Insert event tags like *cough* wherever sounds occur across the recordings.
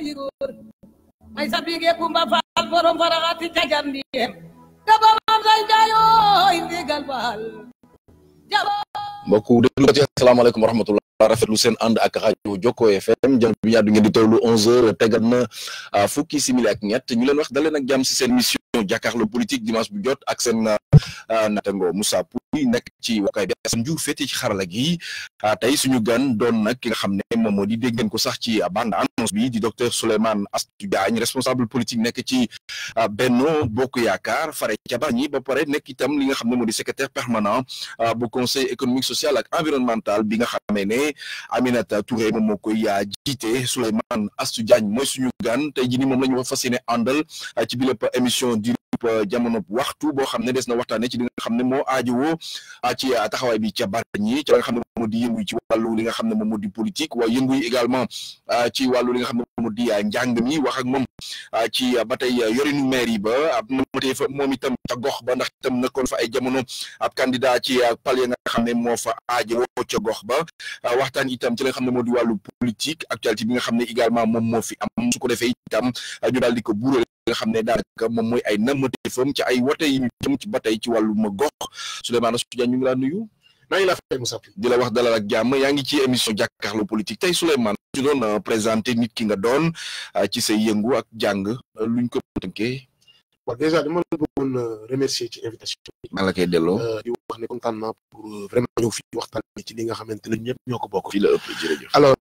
sayur may sabige kumba faal borom farahati cajambiyem daba mam say jayo indigal baal jabo mbokku déglu assalamu alaykum warahmatullahi rafetlu seen ànd ak rajo Jokko FM jant bi ñaar du ngeen di tollu onze heures na fukki simili ak ñett ñu leen wax daleen ak jàmm si seen mission jàkkaarloo politique dimanche bu jot ak seen natango Moussa Pouy nekk ci wakaay bi Assane Diouf féete ci xarala gi tey suñu gan doon nag ki nga xam ne moom moo di dégg ngeen ko sax ci bande annonce bi di docteur Souleymane Astou Diagne responsable politique nekk ci Benno Bokk Yaakaar fare ca Bargny ba pare nekk itam li nga xam ne moo di secrétaire permanent bu conseil économique social ak Touré Aminata Touré moom moo koy euh, jiite Souleymane Astou Diagne mooy suñu gan tey jii nii moom la ñu fas ab euh, jamono waxtu boo xam ne des na waxtaane ci li nga xam ne moo aajowoo euh, ci euh, taxawaay bi ca Bargny ci la nga xam ne moo di yëngu ci wàllu li nga xam ne moom moo di politique waaye yëngu également ci wàllu li nga xam ne moom moo di njàng mi wax ak moom ci ba tey yorinu maire yi ba a namatee fa moom itam ca gox ba ndax itam nekkoon fa ay jamono ab candidat ci palier nga xam ne moo fa aajowoo ca gox ba a waxtaan itam ci la nga xam ne moo di wàllu politique actualité bi nga xam ne également moom moo fi am su ko defee itam a daal di ko buurale nga xam ne daanaka moom mooy ay nammatéefam ci ay wote yi ñu ci ba tey ci wàllum gox Souleymane Astou Diagne ñu ngi laa nuyu maa ngi di la wax dalal ak jàmm yaa ngi ci émission jàkkaarloo politique tey Souleymane ñu doon euh, présenté nit ki nga doon euh, ci say yëngu ak jàng euh, luñ ko tënkee waaw déjà dama la bëggoon remercier ci invitation delloo di wax ne kontaan naa pour ci li nga xamante ne ñëpp ñoo ko bokk fii la ëpp jërëjëf alors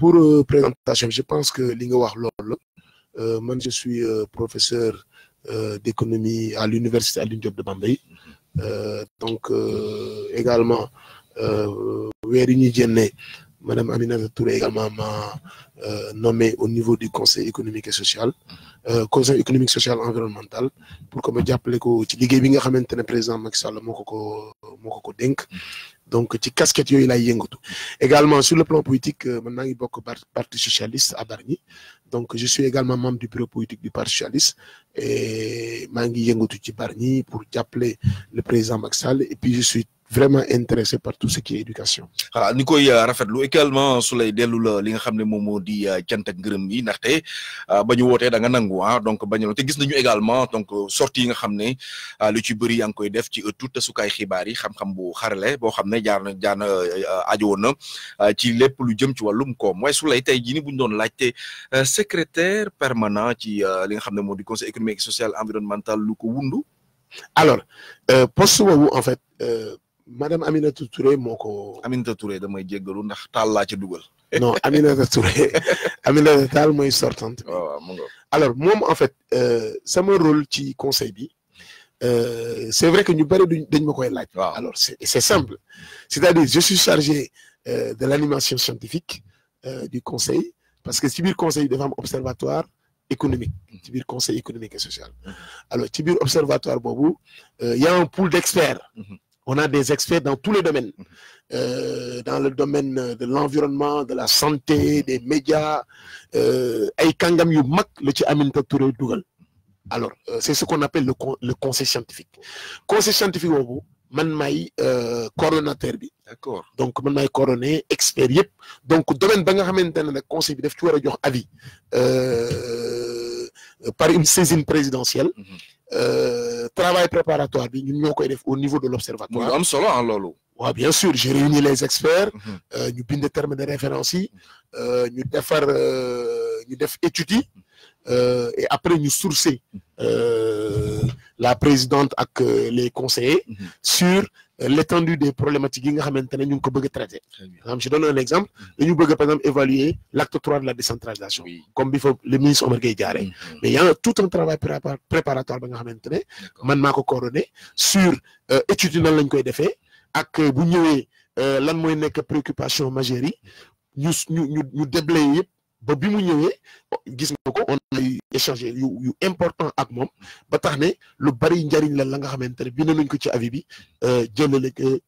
pour présentation je pense que li nga wax loolu la Euh, moi, je suis euh, professeur euh, d'économie à l'université à Diop de Bambay. Mhm. donc, également, Mme Madame Aminata Touré également m'a nommé au niveau du Conseil économique et social, mhm. Conseil économique, social et environnemental, pour que me puisse ko ci liggéey bi président Macky Sall moko donc ci casquette yooyu lay yëngatu également sur le plan politique euh, man maa ngi le parti socialiste à Barni. donc je suis également membre du bureau politique du parti socialiste et Mangi ngi yëngatu ci Barni pour appeler le président Maxal. et puis je suis vraiment intéressé par tout ce qui est éducation. voilà ni koy euh, rafetlu également sur lay dellu la li nga xam Momo, moom moo di euh, cant ak ngërëm yi ndaxte euh, ba ñu da nga nangu ah donc bañu te gis nañu également donc sortie yi nga xam ne lu ci bëri tout ngi koy def ci ëttu tasukaay xibaar yi xam-xam bu xarale boo xam ne jaar na jaar na aajo woon na ci lépp lu jëm ci wàllum koom waaye su lay ni bu secrétaire permanent ci li nga xam ne di conseil économique social environnemental lu ko wundu alors poste boobu en fait madame Aminata Touré moko Amina Aminata Touré damay jéggalu ndax tal la ci dugal. *laughs* non Aminata Touré *laughs* Aminata tal moy sortante. waaw alors mom en fait euh, sama rôle ci conseil bi euh, c'est vrai que ñu bari duñ dañ ma koy laaj. alors c'est simple c'est-à-dire je suis chargé euh, de l'animation scientifique du conseil parce que ci bir conseil de observatoire économique mm. ci bir conseil économique et social alors ci bir observatoire Il y a un pool d'experts. Mm-hmm. On a des experts dans tous les domaines, euh, dans le domaine de l'environnement, de la santé, des médias. Euh, alors euh, c'est ce qu'on appelle le conseil scientifique conseil scientifique on man euh, coordonnateur d'accord donc man maay expert donc domaine ba nga le conseil bi daf a avis par une saisine présidentielle. Mm-hmm. Euh, travail préparatoire au niveau de l'observatoire hein, bien sûr j'ai réuni les experts. Mm-hmm. Euh, ñu des termes de référence nous euh, ñu étudier et après nous sourcer la présidente avec les conseillers. Mm-hmm. sur l'étendue des problématiques qui nous avons ñu traiter je donne un exemple Nous mm-hmm. avons par exemple évaluer l'acte 3 de la décentralisation comme bi le ministre Omar Gueye mm-hmm. Mais mais y a tout un travail préparatoire qui nous a été man coordonné sur l'étude euh, de nan lañ koy et ak euh, bu avons euh, lan préoccupation majeure nous mm-hmm. ñu Nous ñu ba bi mu ñëwee gis nga ko on ay échangé yu yu important ak moom ba tax lu bari njariñ la la nga xamante ne bind nañ ko ci avis bi euh, jëlale que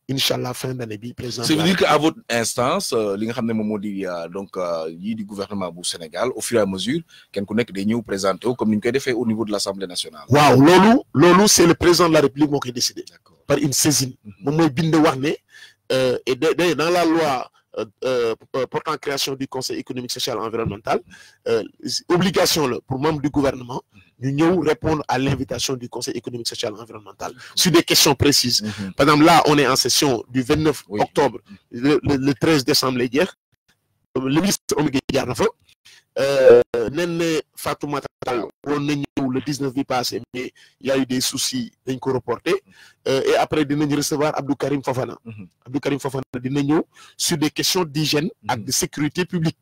fin d'année bi président c'est dire que à votre instance euh, li nga xam ne moom moo euh, donc yii di gouvernement bu Sénégal au fur et à mesure kenn ku nekk day nous présenter, au comme ni ñu koy au niveau de l'Assemblée nationale waaw lolo, lolo c'est le président de la République moo koy décidé par une saisine moom mooy bind wax ne et dans la loi euh, euh, euh, portant création du conseil économique social environnemental obligation pour membres du gouvernement d'union répondre à l'invitation du conseil économique social environnemental sur des questions précises mhm. par exemple là on est en session du 29 octobre le 13 décembre hier le ministre on Yarnafo jaar Fatou fa euh, on a le 19 mai passé mais y a eu des soucis dañ ko reporté euh, et après dinañ recevoir Abdou Karim Fofana mhm. Abdou Karim Fofana dina ñëw sur des questions d'hygiène et mhm. de sécurité publique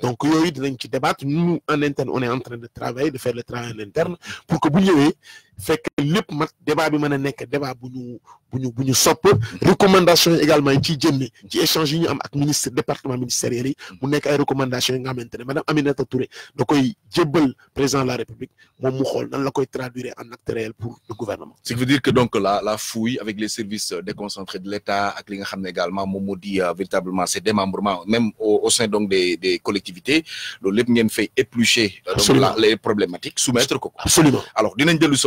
donc a eu ci débattre nous en interne on est en train de travailler de faire le travail en interne pour que vous ayez fekk que mat débat bi meuna nek débat buñu buñu buñu sop recommandations recommandation également ci ciy ci échange yi ñu am ak ministre département ministériel yi mu nek ay recommandation nga madame Aminata Touré da koy jébbal président de la République mom mu xol nan la koy traduire en acte réel pour le gouvernement ce qui veut dire que donc la la fouille avec les services déconcentrés de l'État ak li nga xamné également mom moo di euh, véritablement ces démembrements même au sein donc des des collectivités loolu lepp ngeen fait éplucher euh, donc la les problématiques soumettre ko absolument alors dinañ dellu si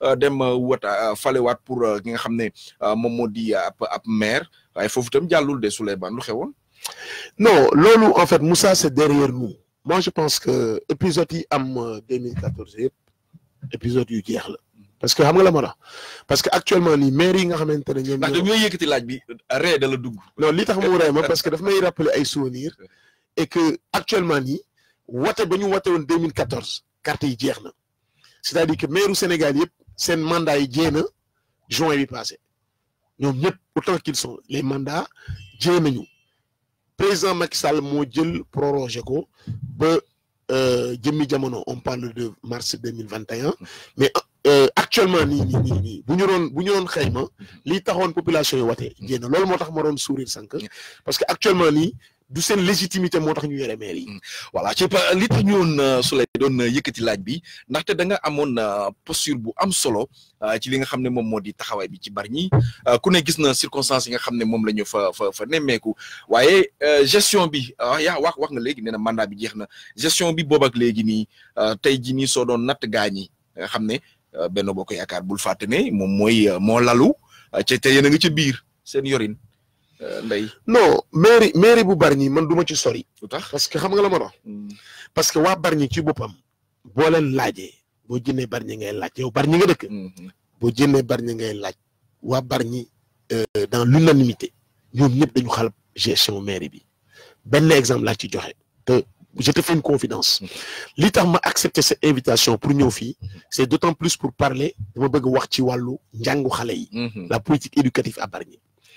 Euh, dem euh, wët euh, falewaat pour ki nga xamné ne moom di ap ab maire waaye fofu tam jàllul de Souleymane lu xewoon non lolu en fait Moussa c'est derrière nous moi je pense que épisode yi am 2014 yëpp épisode yu jeex la parce que xam nga la mara parce que actuellement ni maire yi nga xamante ne ñoom. ndax dañu yëkkati laaj bi ree da la dugg. non li tax mu ree ma parce que daf may rappeler ay souvenir et que actuellement ni wote bañu ñu wote 2014 carte yi jeex na c'est-à-dire que maire u Sénégal ces mandat yi juin bi passé ñoom ñëpp autant qu'ils sont les mandats jéem nañu président Macky Sall moo jël prorogé ko ba euh, jëmmi jamono on parle de mars 2021, mais euh, mais actuellement ni ni ni bu ñu ron bu ñu ron xeyma li taxone population yi waté jéem lool motax tax ma doon sourire sank parce que actuellement ni du seen légitimité moo tax ñu yore maire yi. Mm. voilà ci li tax ñëwoon euh, su lay doon euh, yëkkati laaj bi ndaxte da nga amoon euh, posture bu am solo ci li nga xam ne moom moo di taxawaay bi ci Bargny ku ne gis na circonstances yi nga xam ne moom la ñu fa fa fa nemmeeku waaye gestion bi yaa wax wax nga léegi nee na mandat bi jeex na gestion bi boobak léegi nii tey jii nii soo doon natt gaa ñi nga xam ne Benno Bokk Yaakaar bul fàtte moom mooy moo lalu ca te yéen a ngi ca biir seen yorin. Euh, non mairie mairie bu Bargny man duma ci sori. parce que xam nga la ma wax. Hmm. parce que wa Bargny ci bopam bo len laajee bo jëndee Bargny ngay laaj yow Bargny nga dëkk. Hmm. bo jëndee Bargny ngay laaj waa euh dans l'unanimité ñoom ñep dañu xal gestion mairie bi ben exemple la ci joxé te je te fais une confidence hmm. li tax ma accepter cette invitation pour ñëw fii c'est d'autant plus pour parler dama bëgg wax ci walu jangu xalé yi. la politique éducative à Bargny.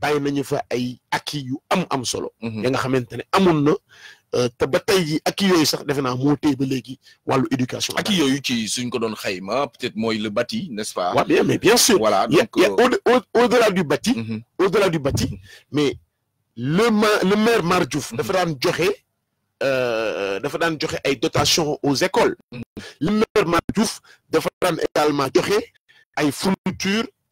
bàyyi nañu fa ay akki yu am am solo. Mhm. ya nga xamantene amul amoon na euh, te ba tey jii acquis yooyu sax defena mo moo ba léegi walu éducation. akki yooyu ci suñ ko don xayma peut-être moy le bâti n'est-ce pas. wa bien mais bien sûr. voilà donc euh, au-delà du bâti. Mhm. au-delà du bâti mais le le maire Marjouf Diouf. Mhm. dafa daan joxe euh, dafa daan joxe ay dotations aux écoles. le maire Marjouf Diouf dafa daan également joxe ay fournitures.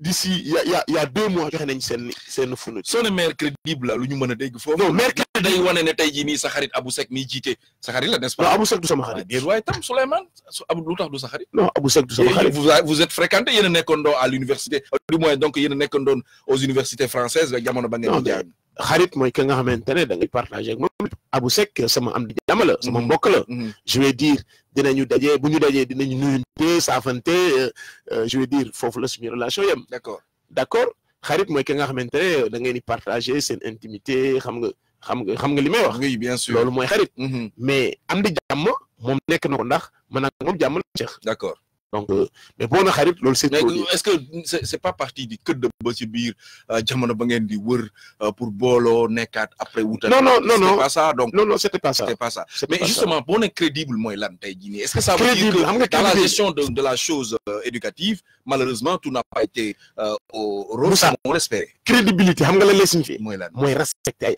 d'ici il y a y a y a deux mois joxe nañ sen seen funu. soo ne crédible lu ñu mëna dégg foofu. non mère crédible day wone né tay ji ni sa Abou Seck mi jité sa la n'est-ce pas. non Abou Seck du sama xarit. déedéet way tam souleyman su Abou lu tax du sa non Abou Seck du sama xarit. vous vous êtes fréquenté yéen a nekkandoo à l'université du moins donc yéen a nekkandoon aux universités françaises ak jamono ba ngeen di jaar. xarit mooy ki nga xamantene da ngay partager ak mom Abou Seck sama am di la sama mm-hmm. mbokk la. Mm-hmm. je vais dire dinañu daje bu ñu dajee dinañu nuyunte saafante euh, euh, je veux dire foofu la suñu relation yem d'accord d'accord xarit mooy ki nga xamante ne da ngeen di partager seen intimité xam nga xam nga xam nga li may wax oui bien sûr mooy xarit mhm. mais am di jàmm moom nekk na ko ndax man ak moom jàmm la jeex d'accord donc euh, est-ce que c'est pas parti du code de ci euh, jamono ba euh, pour Bolo Nekat après wouta non non non non non c'était pas ça mais justement pour être crédible moi lan est-ce que ça veut dire que dans la gestion de la chose éducative malheureusement tout n'a pas été au rôle qu'on espérait crédibilité xam nga la lay signifier mooy lan respecter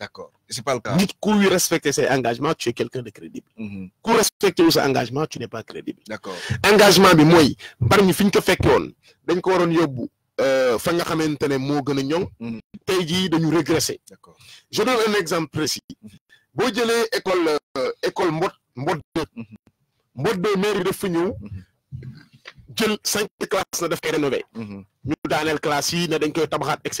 D'accord. C'est pas le cas. Dites qu'on respecte ses engagements, tu es quelqu'un de crédible. Mm -hmm. Qu'on respecte ses engagements, tu n'es pas crédible. D'accord. Engagement, mais moi, parmi fin que fait qu'on, d'un qu'on en yobu, fa nga xamantene mo gëna ñong mhm. tay de nous régresser d'accord je donne un exemple précis mhm. bo jëlé école euh, école mbot mbot -hmm. de mairie de Fignou, ñew jël cinq classes na daf koy rénover mhm. ñu daanel classe yi na dañ koy tabaxaat etc.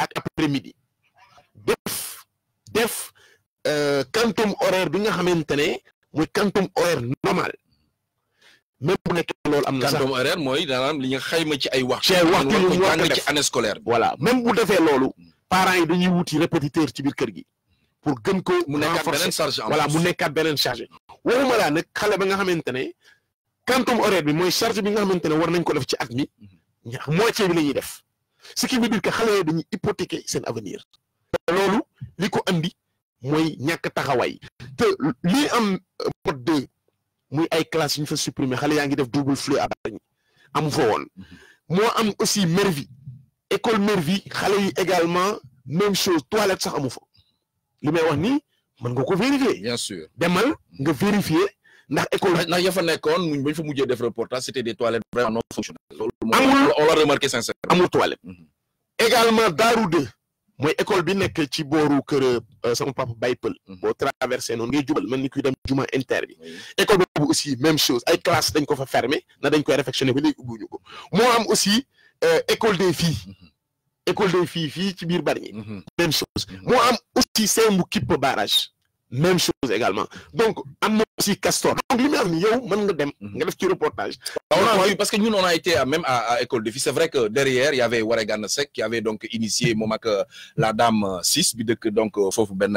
ak après midi def def euh, quantum horaire bi nga xamante ne mooy quantum horaire normal même bu nekkee loolu am na sax quantum horaire mooy daanaam li nga xayma ci ay waxtu. ci ay waxtu ñu war ko ci année scolaire voilà même bu defee loolu hmm. parents yi dañuy wuti répétiteur ci biir kër gi pour gën ko. mu nekkaat beneen chargé voilà mu nekkaat beneen chargé. waxuma laa nag xale ba nga xamante ne quantum horaire bi mooy charge bi nga xamante ne war nañ ko def ci at mi hmm. moitié bi la ñuy def. ce qui veut dire que xalé dañuy hypothéquer sen avenir lolu liko andi moy ñak taxaway te li am euh, mode deux muy ay classe ñu fa supprimer xalé yaa ngi def double flux à Bargny amu fa mm-hmm. am aussi Mervi école Mervi xalé yi également même chose toilette sax amu fa li wax ni man nga ko vérifier bien sûr demal nga vérifier ndax école ndax ya fa nekkoon muñ bañ fa mujjee def reportage c'était des toilettes vraiment non fonctionnelles loolu moom on l'a remarqué sincèrement Amour toilettes. Mhm. également daaru deux mooy école bi nekk ci booru kër euh, sama papa Baye Pël mhm. boo traversé noonu ngay jubal mel ni kuy dem juma inter école boobu aussi même chose ay classe dañ ko fa fermé na dañ koy réfectionné ba léegi ubbiwuñu ko am aussi euh, école des filles mhm. école des filles fii ci biir Bargny même chose moo am aussi Sembou Kipp barrage même chose également donc am si Castor donc lui-même yow mën nga dem. Mhm. nga def ci reportage. Ah, parce que nous, on a été à euh, même à à école de Fils. c'est vrai que derrière il y avait Waregana Seck qui avait donc initié moom ak euh, la dame 6 euh, bi donc Fofu benn.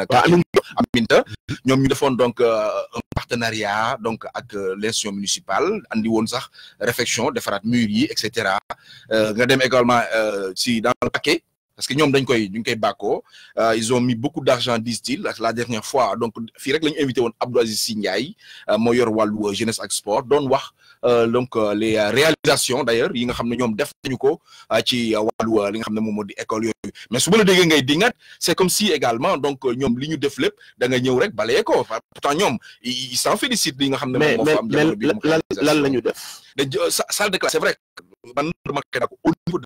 Aminta ñoom ñu defoon donc un partenariat donc avec ak l'institution municipale andi woon sax réfection defaraat mur yi et cetera nga dem également si dans le paquet parce que ñoom dañ koy ñu ngi koy bàkkoo euh, ils ont mis beaucoup d'argent disent-ils la dernière fois donc fii rek la invité woon Abdou Aziz Sy Ndiaye euh, moo yor wàllu euh, jeunesse ak sport doon wax donc les réalisations d'ailleurs yi nga xam ne def nañu ko ci walou li nga xam ne di école yooyu mais su ma la déggee ngay dingat c'est comme si également donc ñom li ñu def lepp da nga ñëw rek balé ko pourtant ñom ils s'en félicitent li nga xam ne fa am jamono bi lan la ñu def salle de classe c'est vrai man remarqué naa ko au niveau de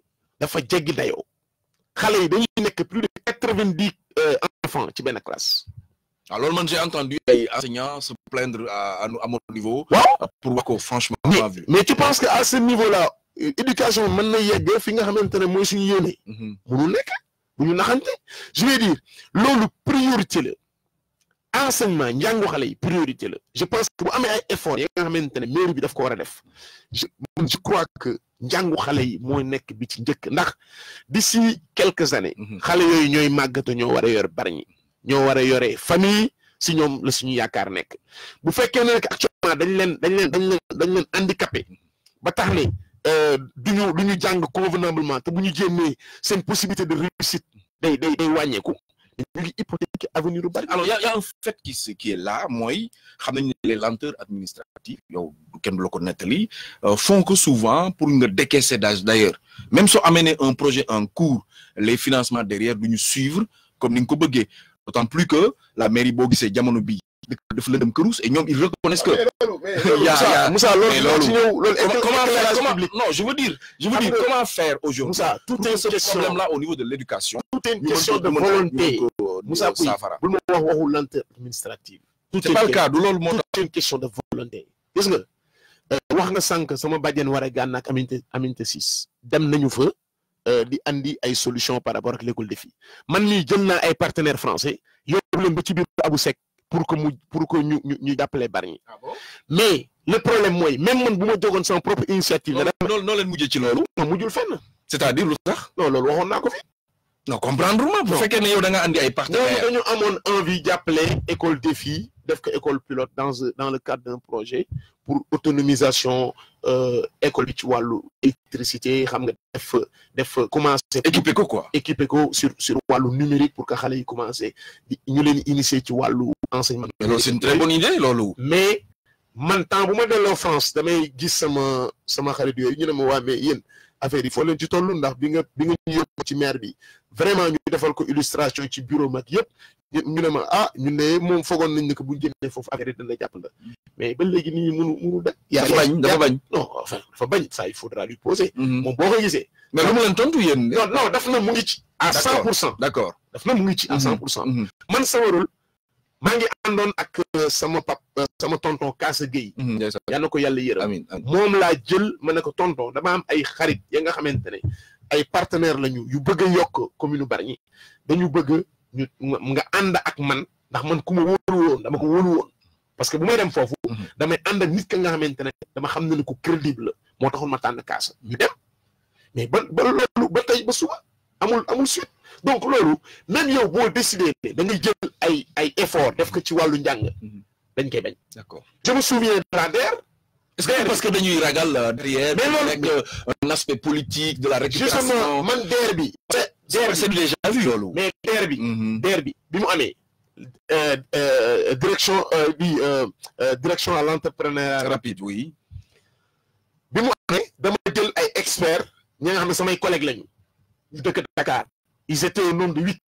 dafa djegi dayo xalé yi dañuy nek plus de 90 euh, enfants ci la classe. alors ah, man j'ai entendu les enseignants se plaindre à à mon niveau. pour quoi ko franchement. mais mais tu penses que à ce niveau là éducation mën na yegg fi nga xamantene moy suñu yéne mënul mhm. nek buñu naxanté je veux dire loolu priorité la. enseignement njàngu xalé yi priorité la je pense que bu amé ay effort yi nga xamantene ne mairie bi daf ko wara def je je crois que. njàngu xale yi mooy nekk bi ci njëkk ndax d'ici quelques années. Mhm. xale yooyu ñooy màggatu ñoo war a yor barñi ñoo war a yore famille si ñoom la suñu yaakaar nekk bu fekkee ne actuellement dañ leen dañ leen dañ leen dañ leen handicapé ba tax ne euh, du ñu du ñu jàng convenablement te bu ñu jéemee seen possibilité de réussite day day day wàññeeku. il alors y' a y' a un fait qui qui est là moi, les lenteurs administratives euh, font que souvent pour nous décaisser d'âge d'ailleurs, même on amène un projet en cours les financements derrière nous suivent suivre comme nous le ko plus que la mairie boo c'est bi et ils reconnaissent que. comment non je veux dire comment faire aujourd'hui tout ce problème là au niveau de l'éducation tout est une question de volonté Moussa avons bul ma wax waxu lente tout est pas le cas du loolu une question de volonté gis nga euh, wax nga sànq sama bàjjen wara a ak aminte aminte 6 dem nañu fa euh, di andi ay solution par rapport ak l'école de filles man ni jël na ay partenaires français yóbbu leen ba ci biir Abou Seck pour que pour que ñu ñu ñu jàppale ah mais le problème mooy même man buma ma jogoon propre initiative. non non leen mujjee ci loolu. non fenn. c'est-à-dire lu tax. non loolu waxon nako fi non comprendre vraiment pour faire que nous avons nga andi ay partenaires envie d'appeler école défi def ko école pilote dans dans le cadre d'un projet pour autonomisation euh, école bi ci électricité xam nga def def quoi équipe éco sur sur wàllu numérique pour que les yi commencé ñu leen initier ci enseignement. c'est une très bonne idée Lolo. mais maintenant, pour moment de l'enfance, France damay gis sama sama xarit ma affaire yi foo leen ci toll ndax bi nga bi nga ñu ci maire bi vraiment ñu defal ko illustration ci bureau mag yëpp ñu ne ma ah ñun de moom foogoon nañ ne que bu ñu génnee foofu affaire yi dana jàpp mais ba léegi nit ñi mënu mënu da dafa bañ dafa bañ non enfin dafa bañ ça il faudra lui poser mhm. moom boo ko gisee mais lu mu leen tontu yéen non non daf na mu ngi ci à cent pour cent d'accord daf na mu ngi ci à cent pour cent mhm. man sama maa ngi àndoon ak euh, sama pap euh, sama tonton Kaasa Gueye. Mm-hmm, yal na ko yàlla yërëm. amiin moom laa jël ma ne ko tonton dama am ay xarit ya nga xamante ne ay partenaires lañu yu bëgg yokk yokk commune Bargny dañu bëgg ñu nga ànd ak man ndax man ku ma wóolu dama ko wóolu parce que bu may dem foofu. Mm-hmm. damay ànd ak nit ka nga xamante ne dama xam ne ko crédible la moo taxoon ma tànn Kaasa ñu dem mais ba ba loolu ba tey ba suba amul amul suite. donc lolo même yow bo décidé ne da ngay jël ay ay effort def ko ci walu njang mhm. dañ koy bañ d'accord je me souviens Drader est-ce que parce que dañuy ragal euh, derrière avec euh, un aspect politique de la récupération justement man DER derby c'est déjà vu lolo mais derby bi DER mhm. amé euh, euh, direction direction euh, bi direction à l'entrepreneuriat rapide oui bi mu amee dama jël ay experts ñi nga xam samay collègues lañu deuk Dakar ils étaient au nombre de huit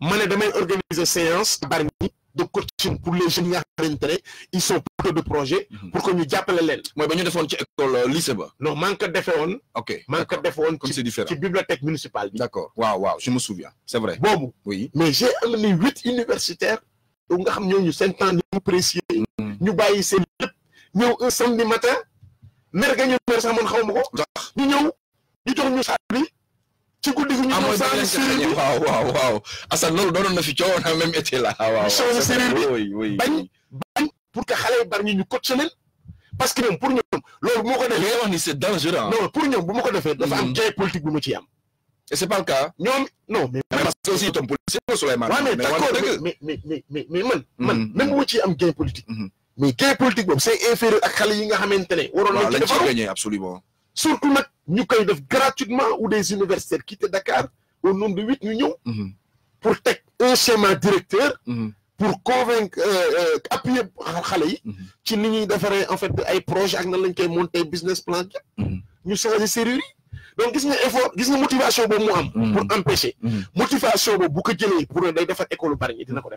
Mané ne damay organiser séance Bargny de coaching pour les jeunes à nga ils sont porteurs de projets mhm. pour que ñu jàppale leen mooy ba ñu defoon ci école euh, lycée non manque de fonds. ok Manque de fonds, comme c'est différent ci bibliothèque municipale d'accord Waouh, waouh, je me souviens c'est vrai Bon, oui mais j'ai amené huit universitaires yu nga xam ñooñu seen temps ñu précieux mhm. ñu bàyyi Nous lépp ñëw un samedi matin mer ga ñu mer sax man xaw ma ko jox ñu saal ci ñu waaw waaw na fi même été waaw bi bañ pour que les yi ñu ñu parce que pour nous, loolu Non, ma wax ni c'est dangereux hein. non pour nous. bu mais, mais, dafa mais, mm-hmm. politique bu mais, mais, am et c'est pas le cas mais, non mais parce que aussi mais, mais, la mais, mais, mais mais, mais mais mais mais mais, mais, même mais, ci am mm-hmm. mais, politique mais mais, politique c'est mais, ak mais, yi nga mais, mais, mais, mais, absolument surtout nak ñu koy def gratuitement ou des universitaires étaient Dakar au nombre de 8 millions mhm. pour être un schéma directeur mhm. pour convaincre euh, euh, appuyer xale yi mhm. ci ni ñuy en fait ay projet ak nan lañ koy monter business plan ñu changer serrure donc gis nga effort gis nga motivation boobu mu am pour empêcher motivation boobu bu ko pour ne day école bari dina ko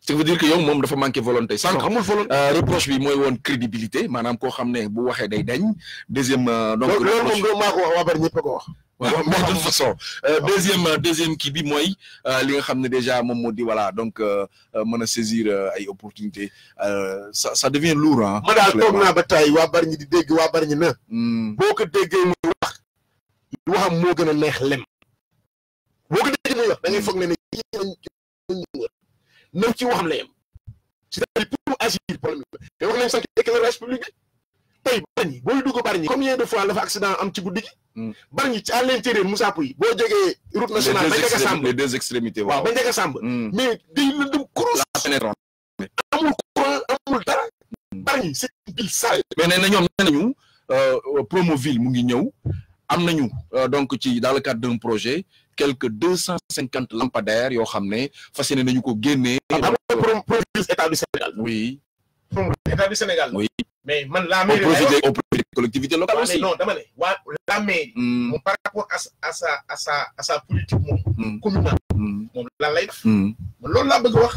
cest veut dire que yow mom dafa manqué volonté volonté euh, reproche bi une crédibilité deuxième euh, donc deuxième euh, deuxième qui bi moy li déjà mon voilà donc saisir ay opportunité ça devient lourd hein c'est-à-dire pour agir problème la wax public combien de fois le fa accident am ci guddi gi. Hmm. à l'intérieur Moussa vous route nationale les deux extrémités hmm. mais des La amul quoi, amul c'est une ville sale mais nee na euh, Promoville mu euh, donc dans le cadre d'un projet quelque 250 lampadaires yo xamné ne fas yéene nañu ko génnee. Ah, ah, produit état du Sénégal. oui. état du Sénégal. oui mais man la mairie. au profit au des collectivités locales aussi. non dama né wa la mairie. Hmm. mon par rapport à sa à sa à sa à politique moom. Hmm. communale. Hmm. mon la lay mon lolu la bëgg wax.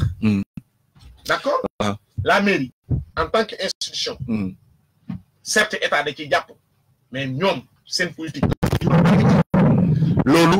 d'accord ah. la mairie en tant que institution. certes état da ciy jàpp mais ñom seen politique. lolu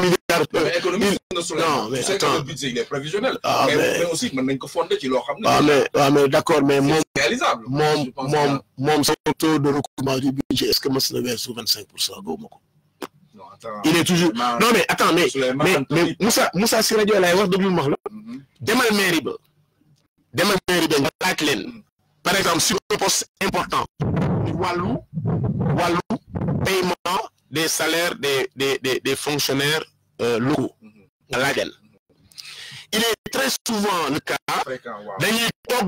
milliard. mais économie non mais attends le budget il est prévisionnel. ah mais mais aussi mën nañ ko qu'il ci loo xam ne. Ah, mais ah, mais d'accord mais moom. réalisable moom moom moom son taux de recouvrement du budget est ce que mos na weesu vingt cinq pour il est toujours non mais attends mais mais Moussa Moussa si rajo laay wax déglu ma la. Mhm. demal mairie ba. demal mairie ba nga par exemple sur un poste important. Walou Walou paiement des salaires des, des, des, fonctionnaires euh, locaux mhm. à gueule. Il est très souvent le cas. Dañuy ah,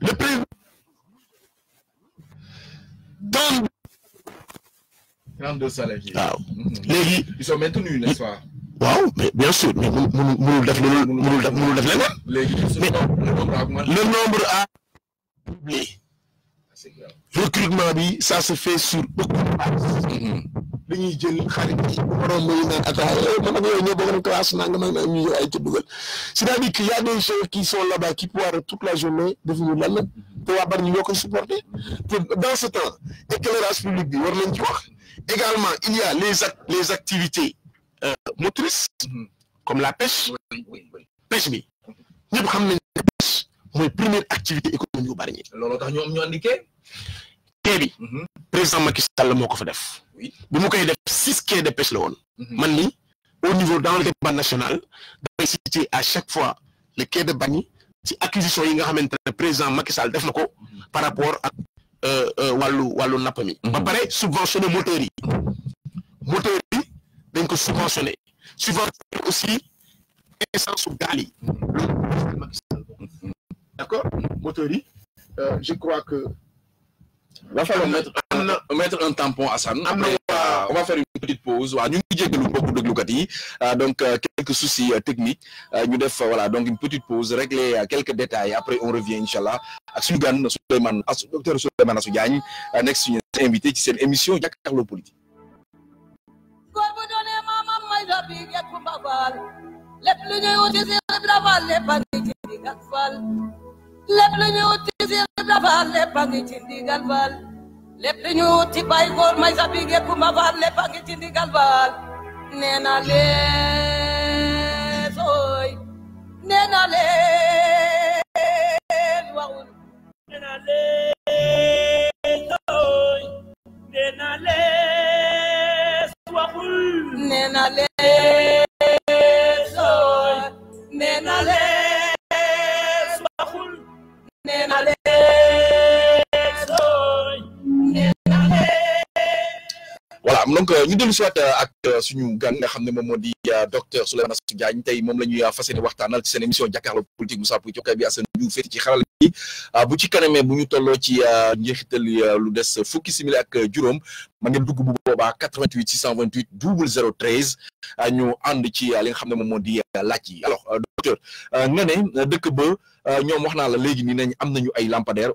le plus... donne. 32 salariés. Ah. Mhm. ils sont maintenus n'est-ce pas bien sûr le nombre a doublé. Ah, recrutement ça se fait sur beaucoup mm-hmm. eh, de c'est-à-dire qu'il y a des chefs qui sont là-bas qui toute la journée devenir la te supporter dans ce temps éclairage public également il y a les activités. Euh, motrice mhm. comme la pêche. pêche bi ñëpp xam nañ pêche première activité économique au bari ñi. loolu tax ñoom ñoo indiqué. quai bi. Mhm. président Macky Sall moo ko fa def. bi mu koy def six quais de pêche la mhm. au niveau dans le débat national d'inciter à chaque fois les quai de Bani, ci acquisition yi nga xamante président Macky Sall def par rapport à Euh, euh wàllu napp mi. ba pare subventionné moteurs yi. moteur. Donc, subventionné subventionné aussi essence au gaal d'accord? D'accord. Euh, je crois que il va falloir mettre un mettre un tampon à après on va faire une petite pause On va faire de donc euh, quelques soucis euh, techniques Nous nous voilà donc une petite pause régler quelques détails après on revient Inch'Allah. allah notre invité, qui Souleymane Assou docteur Souleymane invité ci politique. biga kumba fal lepp lu ñuy wuti si Ibra Faal lépp a ngi ci ndigal fal lépp lu ñuy wuti si Ibra Faal lépp a ngi ci ndigal fal lépp lu ñuy wuti bay góor may sa biga na leen sooy nee na leen waxul nee na leen sooy nee na leen in a voilà donc euh, ñu dellu siwaat euh, ak euh, suñu gan nga xam ne moom moo di docteur Souleymane Astou Diagne tey moom la ñuy fas yéene waxtaanal ci seen émission jàkkaarloo politique bu sàpp jokkoo bi Assane Diouf ci xaral bi bu ci kanamee bu ñu tolloo ci njeexital lu des fukki simili ak juróom ma ngeen dugg bu boobaa 88 628 00 13 ñu ànd ci li nga xam ne moom moo di laaj yi alors docteur nga ne dëkk ba ñoom wax naa la léegi nii nañ am nañu ay lampadaire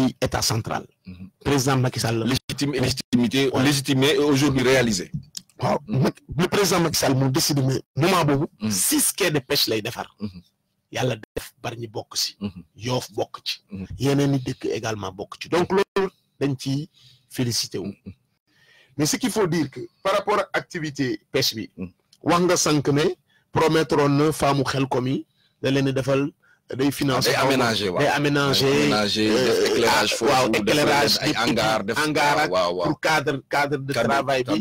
est état central. Mhm. président Macky Sall. légitime et légitimité légitimé et aujourd'hui réalisé. Mhm. le président Macky Sall m'a décidé si ce qu'il six a de pêche lay mhm. y Il def bari ñu bokk ci. il y ci. yeneen ni dëkk également bokk donc loolu dañ ci félicité mais ce qu'il faut dire que par rapport à l'activité pêche bi. wax nga sànq ne promettroon na faamu xel commis la des financé day aménagé waaw day aménagé eh, def éclairage ah, foofu éclairage des hangar def hangar pour cadre cadre de travail bi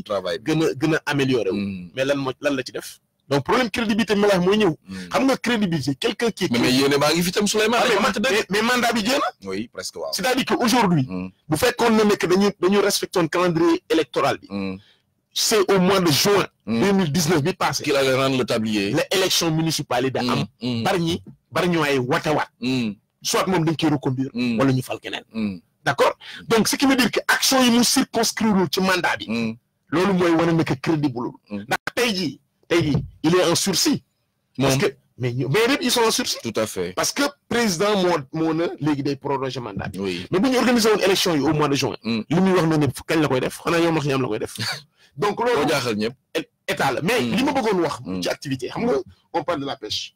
gëna gëna gën amélioré hmm. mais lan lan la ci def donc problème crédibilité melax moy ñëw hmm. xam nga crédibilité quelqu'un qui mais yéene baa ngi fi tam Souleymane ah, mais mandat bi jëna oui presque wa c'est-à-dire que aujourd'hui hmm. bu fekkoon na nekk dañu dañu un calendrier électoral bi c'est au mois de juin 2019 bi passé qu'il allait rendre le tablier les élections municipales da am par bari ñu ay watewaat. Mm. soit mom dañ koy reconduire. Mm. wala ñu fal keneen. Mm. d' donc ce qui veut dire que action yi mu circonscrire ci mandat bi. lolu moy wone ne crédible. ndax tey jii tey jii il est en sursis. parce que mais mais ils sont en sursis. tout à fait parce que président mo mo na légui day prolonger mandat bi. mais buñu organiser une élection yi au mois de juin. li muy wax ne kañ la koy def xana ñoom wax ñam la koy def. *laughs* donc lolu boo jaaxal ñëpp état la mais li ma bëggoon wax. ci activité xam nga on parle de la pêche.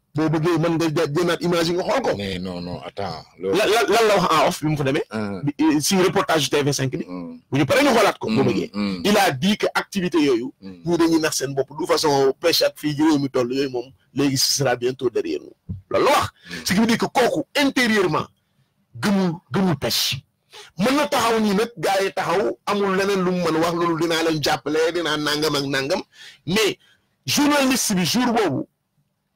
boo bëggee man nga ja jënaat image nga xol ko. mais non non attends. lan la wax en off bi mu fa demee. Ah. Euh, si reportage TV5 bi. Hmm. bu ñu paré ñu xolat ko. boo hmm, bëggee hmm. il a dit que activité yoyu ñu dañuy nax seen bop du façon pêche ak fii réew mi toll yooyu mom légui ce sera bientôt derrière nous loolu la wax. ce qui veut dire que kooku intérieurement gëmul gëmul pêche. mën na taxaw ni nak gaay taxaw amul leneen lu mu mën wax loolu dina leen jappalé dina nangam ak nangam mais journaliste bi jour bobu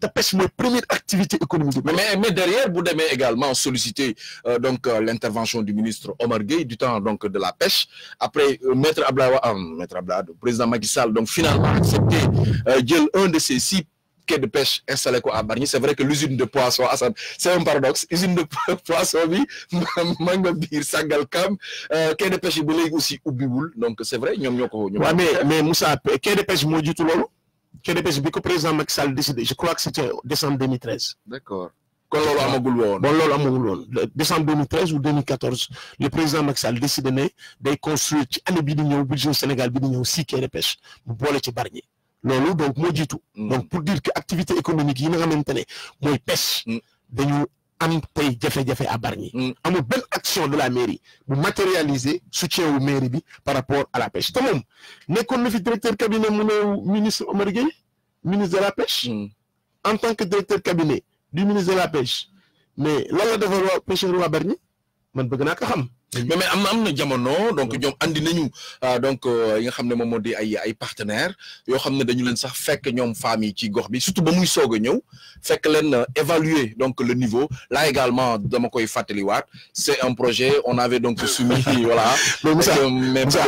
Ta pêche mooy première activité économique. mais derrière vous devez également solliciter euh, donc euh, du ministre Omar Gueye du temps donc de la pêche après euh, maître maître le président Macky Sall donc finalement accepté jël un de ces six quais de pêche installé à Barnier. C'est vrai que l'usine de poisson c'est un paradoxe usine de *laughs* poisson bi Mangabir, Sangalkam quai de pêche il y a aussi oubiboul donc c'est vrai ñoom ñoo mais mais Moussa quai de pêche moo tout lolo. CDPS bi ko président Macky Sall décidé je crois que c'était décembre 2013. d'accord Bon loolu amagul bon loolu amagul décembre 2013 ou 2014 le président Macky Sall décidé de construire ci année bii di budget Sénégal bi di ñëw pêche mu boole ci Bargny loolu donc moo jiitu. Mm. donc pour dire que activité économique yi nga xamante ne mooy pêche. Mm. dañu am tey jafe à mm. action de la mairie bu matérialiser soutien au mairie par rapport à la pêche te moom nekkoon na fi directeur cabinet mu néew ministre Omar ministre de la pêche mm. en tant que directeur cabinet du ministre de la pêche mais là là defar waa pêcheur waa Bargny man bëgg naa ko xam mais mais am am jamono donc ñom andi nañu euh, donc euh, yi nga xam mom modi ay ay partenaires yo xam dañu leen sax fekk ñom femmes ci gox bi surtout ba muy soga ñew fekk leen euh, évaluer donc le niveau là également dama koy wat c'est un projet on avait donc *laughs* soumis voilà. mais Moussa Moussa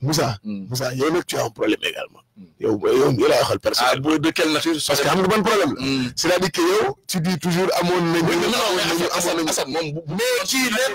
Moussa hmm. Moussa yow nag tu as un problème également. Hmm. yow yow ngi laa xal personnel. ah de quelle nature. parce que am nga ban problème hmm. c'est-à-dire que yow. tu dis toujours amone nañu. amone nañu amoon nañu mais ci lépp.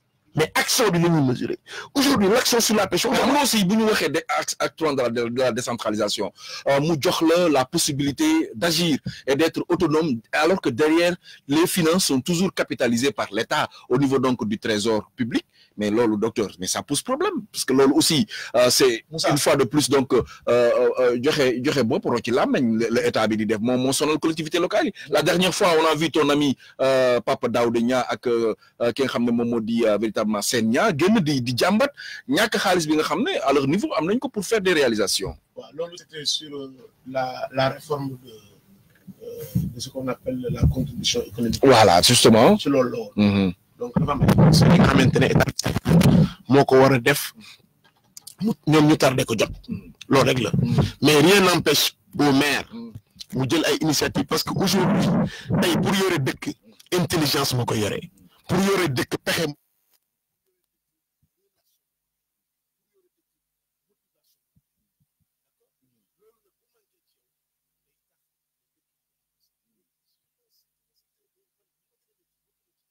mais action de nous mesurer aujourd'hui l'action sur la pêche. on aussi actuellement de la décentralisation nous euh, jox la la possibilité d'agir et d'être autonome alors que derrière les finances sont toujours capitalisées par l'État au niveau donc du trésor public mais loolu docteur mais ça pose problème parce que loolu aussi euh, c'est une fois de plus donc euh, euh, joxe joxe bopp rocc ci làmmiñ le état bi di def mon sonal collectivité locale la dernière fois on a vu ton ami Papa Daouda avec quelqu'un qui a xam dit di véritablement seen ñaa génn di di a que xaalis bi nga à leur niveau amener nañ ko pour faire des réalisations waaw c'était sur la la réforme de de ce qu'on appelle la contribution économique voilà justement C'est loolu la donc dafa am ay conseils yi nga xamante ne état moo ko war a def mu ñoom ñu tardé ko jot loolu rek la mais rien n'empêche au maire mu jël ay initiatives parce que aujourd'hui tey pour yore dëkk intelligence moo ko yore pour yore dëkk pexe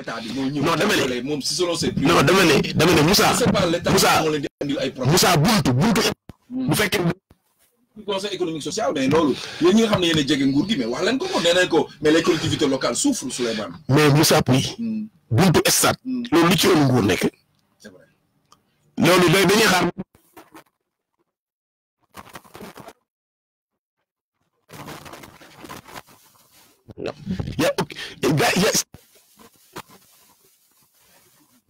état bi mooy ñëw non dama ne moom si selon ses non dama ne dama ne Moussa Moussa Moussa buntu buntu hmm. bu fekkee conseil économique social mais loolu yéen ñi nga xam ne yéen a jege nguur gi hmm. buntu état hmm. loolu lu ci yoonu nguur nekk loolu dañuy xaar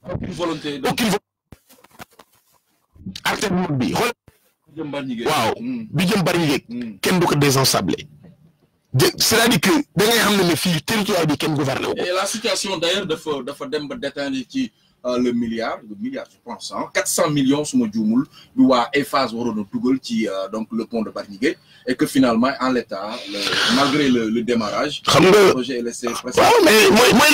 aucune volonté donc aucune volonté artère route bi xool waaw bi hmm. jëm bari yéeg hmm. kenn désensablé c'est-à-dire que da ngay xam territoire bi Ken gouverné et la situation d'ailleurs de Fodem, dem ba déteindre ci euh, le milliard le milliard je pense 400 hein. millions su ma juumul bi waa Eiffage waroon a dugal ci euh, donc le pont de bargny et que finalement en l'état malgré le démarrage le projet projet LSC waaw mais moi, moi,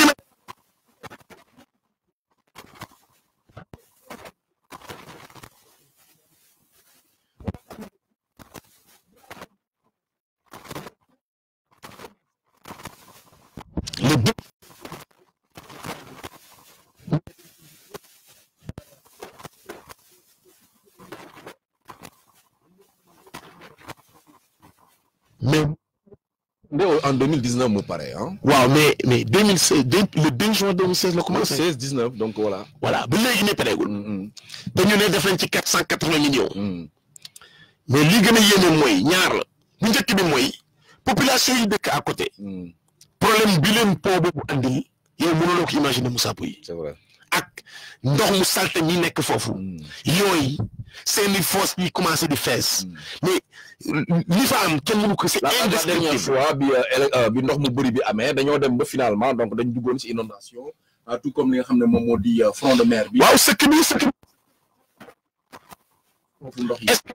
en 2019 mu pare ah. waaw mais mais 2016 le 2 juin 2016 la commencé. 16 19 donc voilà. voilà ba léegi ne pareegul. te mm, mm. ñu ne def nañ ci 480 millions. Mm. mais li gën a yéeme mooy ñaar la bu njëkk bi mooy population yi dëkk à côté. problème bi leen po boobu andil yow mënuloo ko imaginer Moussa ak ndox mu salte mi nekk foofu mm. yooyu seeni fosse yi commencé di fees mm. mais li fa am kenn mënu ko c'est indescriptible la dernière euh, euh, bi ndox mu bëri bi amee dañoo dem ba finalement donc dañ duggoon si inondation tout comme li nga xam ne moom moo di euh, front de mer bi waaw sëkk bi sëkk bi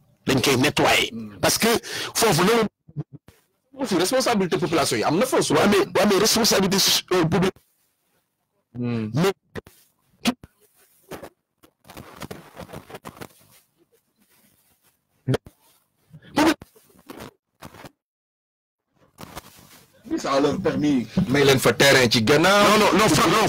dañ nettoyer parce que foofu loolu aussi responsabilité population yi am na foofu mais waa mais responsabilité euh, publique hmm. mais ça leur permis may leen fa terrain ci gannaaw non non non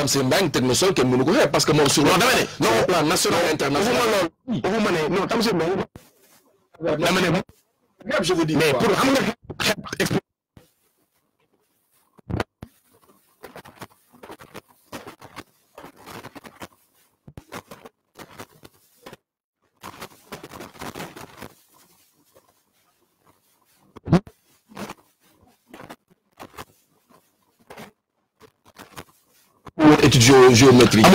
Tamsir Mbengue technosol kenn mënu ko xeeb parce que moom dama ne non plan national international. waxuma ne non Tamsir Mbengue. dama ne mais pour xam nga étude géométrique.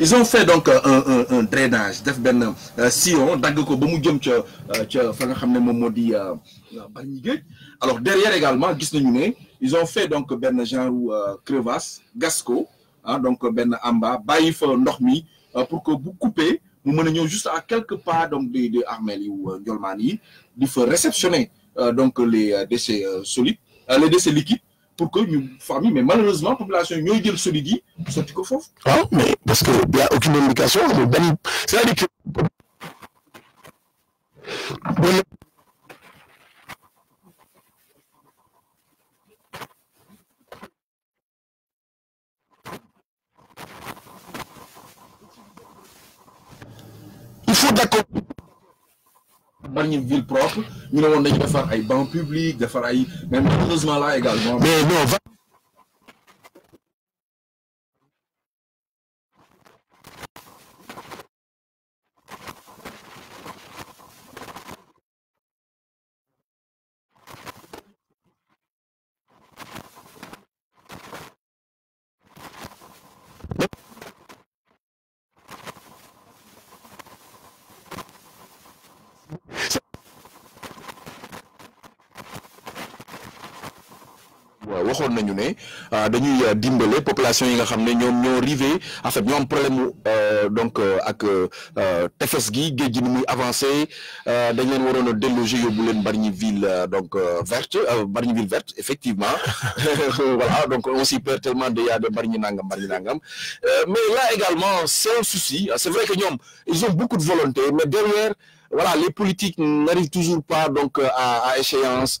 ils ont fait donc euh, un drainage def Ben sillon alors derrière également ils ont fait donc Ben genre euh, crevasse Gasco, ah, donc amba Normi, pour que vous coupez nous menons juste à quelques pas donc des de de ou euh, de faire réceptionner euh, donc les euh, décès solides les décès liquides pour que nous famille mais malheureusement la population nous ñooy jël solides un petit ko ah, mais parce que n'y a aucune indication c'est-à-dire que d'accord une une ville propre nous ne woon dañu defar bancs publics de ay même malheureusement là également. mais non waxoon nañu né euh, dañuy euh, dimbale population yi nga xamné rivé en fait am problème euh, donc ak tefes gi géej ni muy avancé dañ leen waroon déloger yóbbu leen Bargneville donc verte Bargneville verte effectivement *laughs* voilà donc on s'y perd tellement de ya de nangam nangam mais là également c'est un souci c'est vrai que ñom ils ont beaucoup de volonté mais derrière voilà les politiques n'arrivent toujours pas donc à à échéance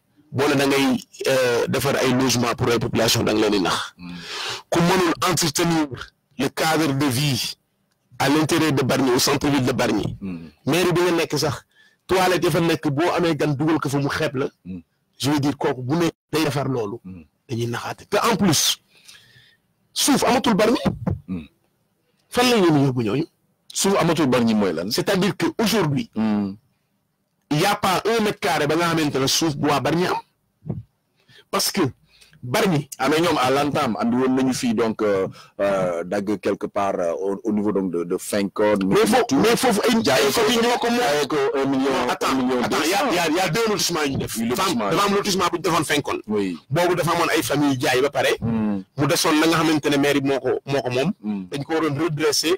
boole da ngay euh, defar ay logement pour la population da nga leen nax ku mënul entretenir le cadre de vie à l'intérieur de Bargny au centre-ville de Bargny mairie bi nga nek sax toilette ya fa nekk boo amee gan dougal ko fa mu xeeb la je veux dire kooku bu ne day defar loolu dañuy naxaate te en plus souf amatul Bargny fan la ñu yobu ñoy souf amatul Bargny moy lan c'est-à-dire que aujourd'hui hmm. y a un mètre carré ba nga xamante ne suuf bu waa Bargny am parce que Bargny amee ñoom à l'entame andi woon nañu fii donc euh, euh, dagg quelque part euh, au niveau donc de de Fincorne. mais foofu foofu ay jaayee ko ñoo a a deux lotissement yu bu ñu defoon Fincorne. oui amoon ay famille jaay ba pare. Hmm. mu desoon la nga xamante ne mairie moo ko moo ko moom. Hmm. dañ ko waroon redresser.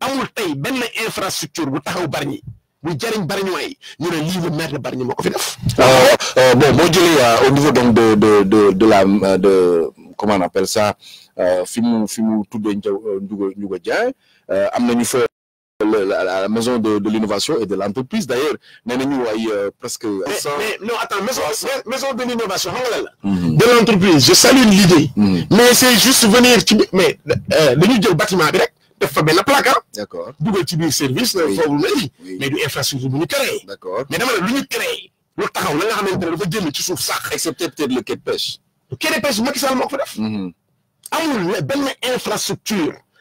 amul tay benn infrastructure bu taxaw Bargny bu jëriñ Bargnois ñu ne lii le maire de Bargny moo ko fi def. Euh, euh, bon boo jëlee euh, au niveau donc de de de de la de comment on appelle ça fi mu fi mu tuddee Ndiou Ndiouga Dieng am nañu fa. à la maison de, de l'innovation et de l'entreprise d'ailleurs nous avons presque mais, non attends maison, maison de l'innovation mhm. de l'entreprise je salue l'idée mhm. mais c'est juste venir mais euh, le bâtiment direct def fa benn placard. Ah. d'accord dugal ci biir service. oui foofu la mais du infrastructure bu ñu créé. d'accord mais dama ne lu ñu créé. lu taxaw la nga xamante ne dafa jënd ci suuf sax. excepté peut-être le quai de pêche. le quai de pêche Macky Sall moo ko mhm. amul benn infrastructure.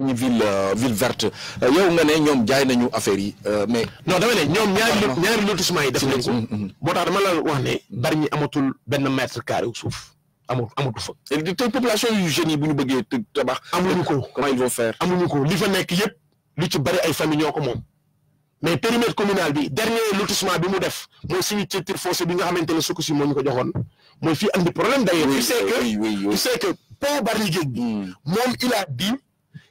ñu ville euh, ville verte euh, yow nga ne ñoom jaay nañu affaire yi euh, mais. non dama ne ñoom ñaari ñaari lotissement yi def nañ ko. Mm-hmm. moo tax dama la wax ne. bari ñi amatul benn mètre carré suuf. amul amatu fa. te population yu jeunes yi bu ñu bëggee tabax. amuñu ko comment ils vont faire. amuñu ko li fa nekk yëpp lu ci bari ay famille ñoo ko moom. mais périmètre communal bi dernier lotissement bi mu def mooy suñu titre foncier bi nga xamante ne sukk si moo ko joxoon mooy fii andi problème d'ailleurs. oui oui oui tu sais que tu bi. Mm. moom il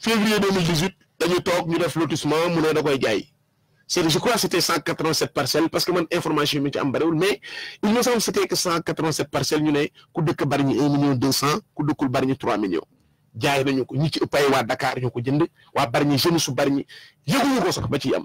février 2018 dañu toog ñu def lotissement mu ne da koy jaay c'est je crois c'était 187 parcelles parce que man information yi mu ci am bariwul mais il me semble c'était que 187 parcelles ñu ne ku dëkk bari ñu 1 million 200 ku dëkkul bari ñu 3 millions jaay nañu ko ñi ci ëpp ay waa Dakar ñoo ko jënd waa bari ñu jeune su bari yëguñu ko sax ba ciy am.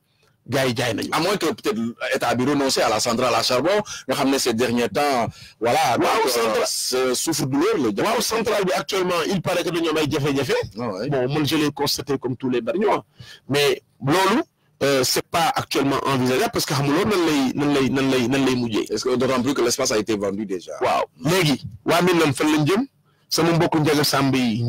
gars yi nañu. à moins que peut-être état bi renoncer à la centrale à charbon nga xamné ces derniers temps. voilà waaw centrale souffre-douleur la. waaw centrale bi actuellement il paraît que dañoo am ay jafé jafe ah bon moi je l'ai constaté comme tous les Bargnois mais lolu Euh, c'est pas actuellement envisageable parce que xamuloo nan lay nan lay nan lay nan lay mujjee. est-ce que d'autant plus que l'espace a été vendu déjà. waaw léegi wa min lan fan lañ jëm sama mbokku Ndiaga Samb yi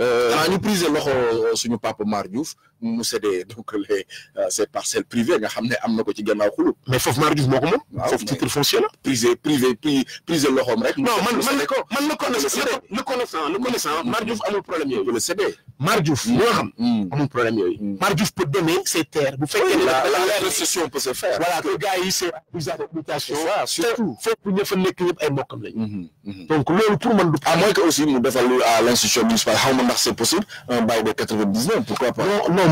euh xanaa ñu priser loxo suñu papa Mar Diouf mu séddee donc les euh, ces parcelles privées nga xam ne ko ci gannaaw xulub. mais fof Mar Diouf moo ko moom. titre foncier là privé privé pri prisé loxoom rek. non man man man le connaissant le connaissant le connaissant Mar amul problème yooyu. le séddee. Mar Diouf mm. xam. Mm. amul problème yoy mm. Mar peut donner ses terres bu faites la la récession peut se faire. voilà le gars il sait est plus à réputation. surtout faut pour fa nek ñëpp ay mbokkam lañ mm-hmm, mm-hmm. donc lolu pour man du. à moins que aussi mu defal à l'institution municipale xaw ndax c'est est possible un bail de quatre vingt dix pourquoi pas. non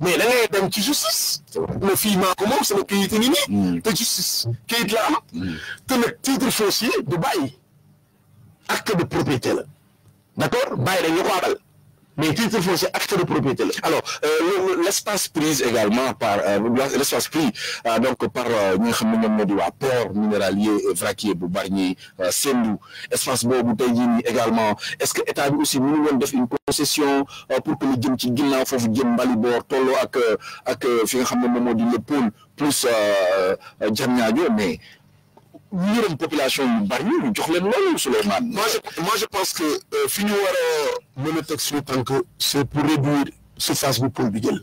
mais da ngay dem ci justice. mais fii maa ko moom sama kayit a ngi nii. te justice kayit la am. te nag titre foncier du bàyyi acte de propriété la d' accord bàyyi dañ ñu mais titre foncier acte de propriété alors euh, l'espace pris également par euh, l'espace pris euh, donc par ñi port minéralier vraquier bu Sendou espace beau, tey également est-ce que état aussi une concession pour que les jëm ci ginnaaw foofu jëm Balibor, Tolo, ak ak fi nga le pôle plus Diamniadio mais ñu population yu bari ñu jox leen Souleymane. moi je moi je pense que euh, fi ñu war texte mën a teg suñu pour réduire surface bu pour bi jël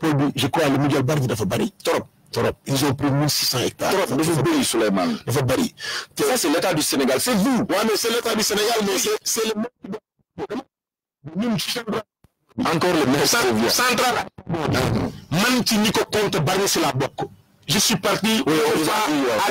pôle je crois li mu jël bari dafa bari trop. trop ils ont pris 1600 six hectares. trop dafa bëri Souleymane. dafa bëri te ça c' est du Sénégal c'est vous. waaw mais l'état du Sénégal mais c'est le même. encore le même. central même man ci ñi compte bari c'est la bokk. je suis parti. oui à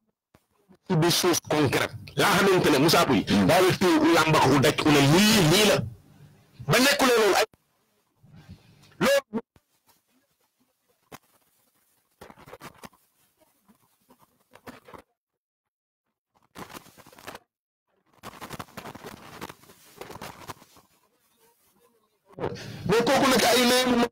tudd suuf concret laa xamante ne Moussa Pouye la téye u làmbax u daj u ne lii la ba nekkulee loolu ay loolu mais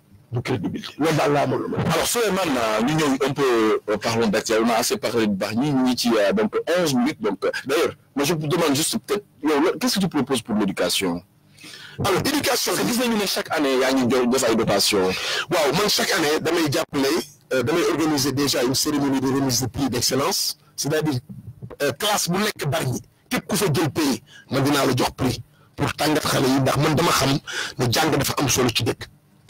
de euh, *laughs* bah, Alors, seulement, nous un peu, euh, parlant d'actualité, on a assez parlé de Barni, Niti euh, donc 11 minutes. Donc, d'ailleurs, moi je vous demande juste peut-être, qu'est-ce que tu proposes pour l'éducation Alors, l'éducation, c'est 19 minutes chaque année, il y a une dotation. Waouh, moi chaque année, dans mes diaplés, dans mes organiser déjà une cérémonie de remise de prix d'excellence, c'est-à-dire, classe Boulek Barni, qu'est-ce que fait le pays, maintenant le prix pour que je suis un peu de je suis un solo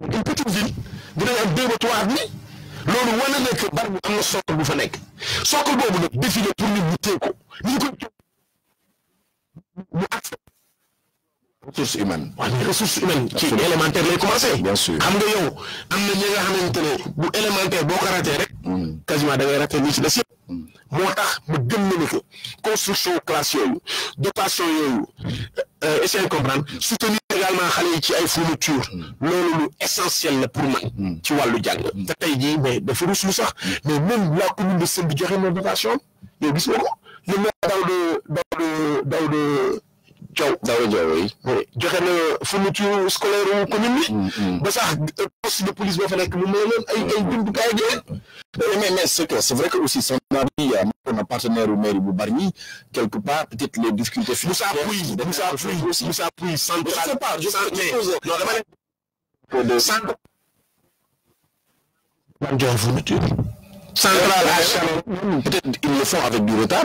une petite ville dinañ am deux ba trois ni loolu wane na que barab bi am na du bu fa nekk socle boobu nag défilé pour nit ñi téye ko ñu koy jóg mu accès ressource humaine waaw mais ressource humaine ci élémentaire les commencer. bien sûr xam nga yow am na ñi nga bu élémentaire boo ko rek hmm. quasiment da ngay raté ni ci des yëpp hmm. moo tax mu gëm na ni que construction classe yooyu dotation yooyu euh, euh, essayer comprendre soutenir également xale ci ay fourniture loolu lu essentiel la pour man ci walu jang da tay jii mais dafa ruslu sax mais même la commune de Sène bi joxe moom vocation yow gis nga ko le maire Daouda daw de coow daw yi joxe scolaire wu commune mm, mm, mm. ba sax euh, poste police va fa nekk mu leen ay ay mais c'est vrai que aussi son euh, partenaire quelque part peut-être les difficultés Nous je sais pas non peut-être le font avec du retard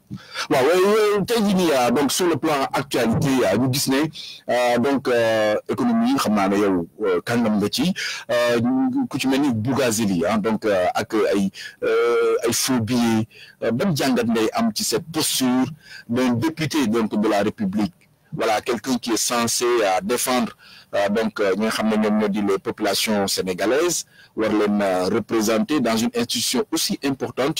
waaw ah, donc sur le plan actualité nous ah, disons ah, donc euh, économie comme naa ne yow euh, kàngam nga ci euh, ku ci donc ak ay ay faux un ban cette posture d'un député donc de la République voilà quelqu'un qui est censé défendre donc ñi les populations sénégalaises war leen représenter dans une institution aussi importante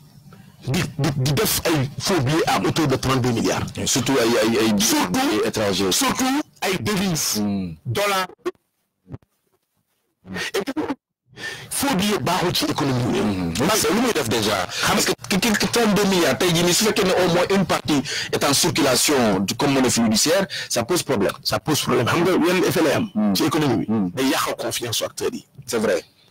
Il di def ay à de 32 milliards. surtout ay ay ay étrangers surtout ay devises. Hmm. dollars. et puis Il billets baaxul ci économie c'est parce économie, déjà. parce que que trente deux milliards il jii si su au moins une partie est en circulation comme monnaie fiduciaire ça pose problème. ça pose problème Il y a effet lay am. Hmm. économie hmm. a confiance acteurs l'acteur, c'est vrai.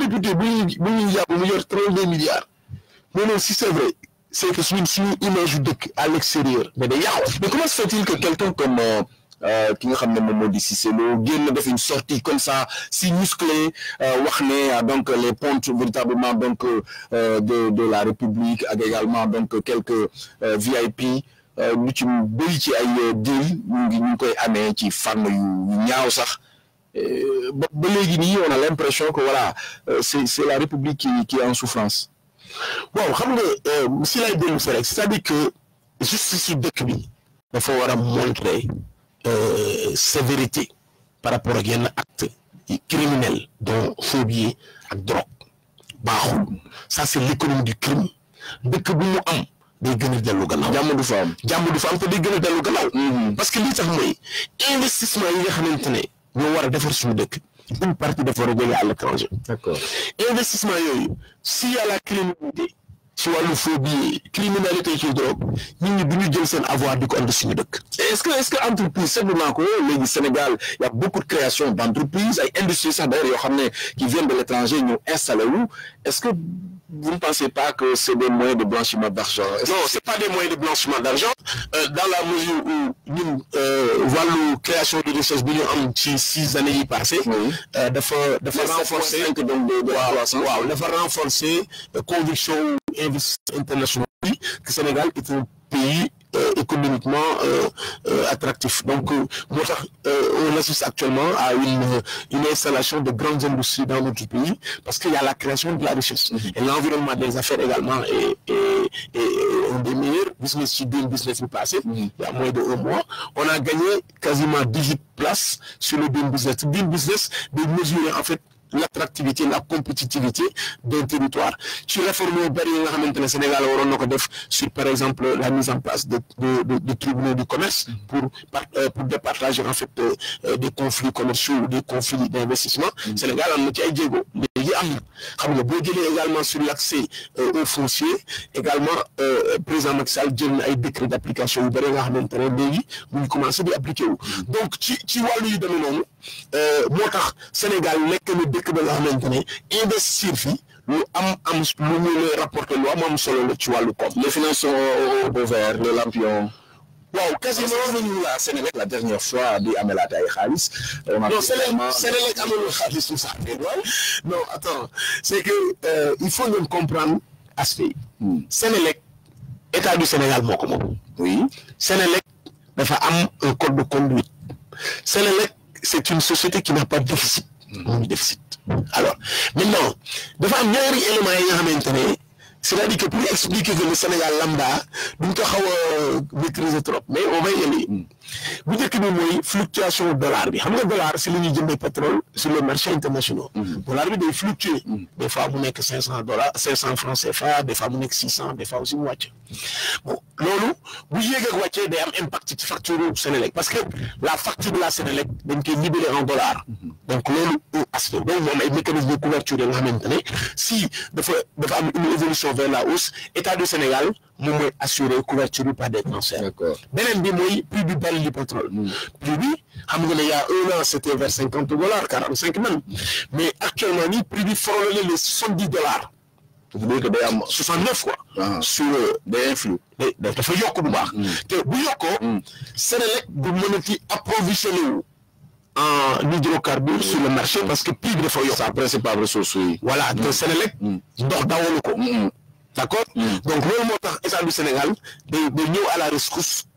député bu ñuy bu ñuy mu yor milliards Mais non si c'est vrai c'est que suñu suñu image yu à l'extérieur mais comment se fait-il que quelqu'un comme qui euh, euh, nga pas ne moom moo di Cissé Lo a une sortie comme ça si musclé euh, wax ah, donc les pontes véritablement donc de de la République avec également donc quelques VIP lu ci bëri ci ay deal ñu ngi ñu ngi koy amee ci euh, on a l'impression que voilà, euh, c'est la République qui, qui, est en souffrance. Bon, euh, si que c'est-à-dire que justice il faut montrer euh, sévérité par rapport à un acte criminel, dont phobie et drogue. Ça, c'est l'économie du crime. Dès que nous avons day gën de dellu gannaaw du fa am jàmm du fa am te day mm-hmm. parce que l'investissement tax mooy investissement yi nga xamante nous des a sur le dëkk une partie de war à l'étranger D'accord. investissement si s'il y a la criminalité si on la billets criminalité qui drogue nit devons nous jël avoir des ko de le est-ce que est-ce que entreprise simplement le Sénégal, il y a beaucoup de création d'entreprises et industries d'ailleurs qui viennent de l'étranger nous installent où est-ce que vous ne pensez pas que c'est des moyens de blanchiment d'argent Non, ce n'est pas des moyens de blanchiment d'argent. Euh, dans la mesure où nous euh, voilà création de richesse millions en 6 années passées, euh, de, faire, de renforcer, de, de, renforcer la euh, conviction internationale que le Sénégal est un pays euh, économiquement euh, euh, attractif. Donc, on assiste actuellement à une, une, installation de grandes industries dans notre pays parce qu'il y a la création de la richesse. Mm-hmm. Et l'environnement des affaires également est, est, est un des meilleurs. Business Business mm-hmm. il y a moins de un mois. On a gagné quasiment 18 places sur le Business. Business de mesurer en fait l'attractivité la compétitivité d'un territoire Tu réformes au baril le nga Sénégal waroon na sur par exemple la mise en place de de de tribunaux du commerce mm-hmm. pour euh, pour départager en fait euh, euh, des conflits commerciaux ou des conflits d'investissement mm-hmm. Sénégal am na ci ay a Diego. am na xam nga boo également sur l'accès aux foncier également président Macky Sall a a ay décret d'application yu bëri nga xamante ne léegi Il ngi commencé di appliquer mm-hmm. donc tu vois wàllu dans le euh, moo tax Sénégal nek na dëkk ba nga xamante ne investir fi lu am am lu ñu lay rapporter lu am am solo la ci walu koom. les finances au vert le lampion. waaw quasiment wax nañu la la dernière fois di amelaate ay xaalis. non Sénégal Sénélec amul xaalis tout ça. non attends c'est que euh, il faut ngeen comprendre aspect yi. Hmm. Sénégal état du Sénégal moko ko oui Sénégal dafa am un code de conduite Sénégal c'est une société qui n'a pas de déficit. Mm. déficit. Alors, maintenant, devant am et le yi c'est-à-dire que pour expliquer que le Sénégal lambda, nous pas maîtriser trop. Mais on va y aller. Vous dites que nous fluctuation du dollar. Le dollar, c'est le pétrole sur le marché international. Le hmm. dollar est fluctué. Hmm. Des fois, vous n'avez que 500, dollars, 500 francs CFA, des fois, vous n'avez que 600, des fois aussi, moitié. Bon, lolo, vous avez un impact de facture au Sénélec. Parce que la facture de la Sénélec, est libérée en dollars. Hmm. Donc, lolo, donc, on a un mécanisme de couverture de la maintenance. Si, de fois, une évolution vers la hausse, État du Sénégal, nous avons assuré couverture par des cancers. y Bimoui, plus du bel du pétrole. Mm. Plus du, il y a un an, c'était vers 50 dollars, 45 même. Mais actuellement, plus du plus de 70 dollars. Vous voulez que des 69 quoi, ah. sur euh, des influx. Des feuilles au Que Bouyoko, c'est le monnaie approvisionné en hydrocarbures sur le marché parce que plus de feuilles. Sa principale ressource, oui. Voilà, mm. c'est le mm. ndox le coup. d' accord mm. donc loolu moo tax état du Sénégal day day ñëw à la rescousse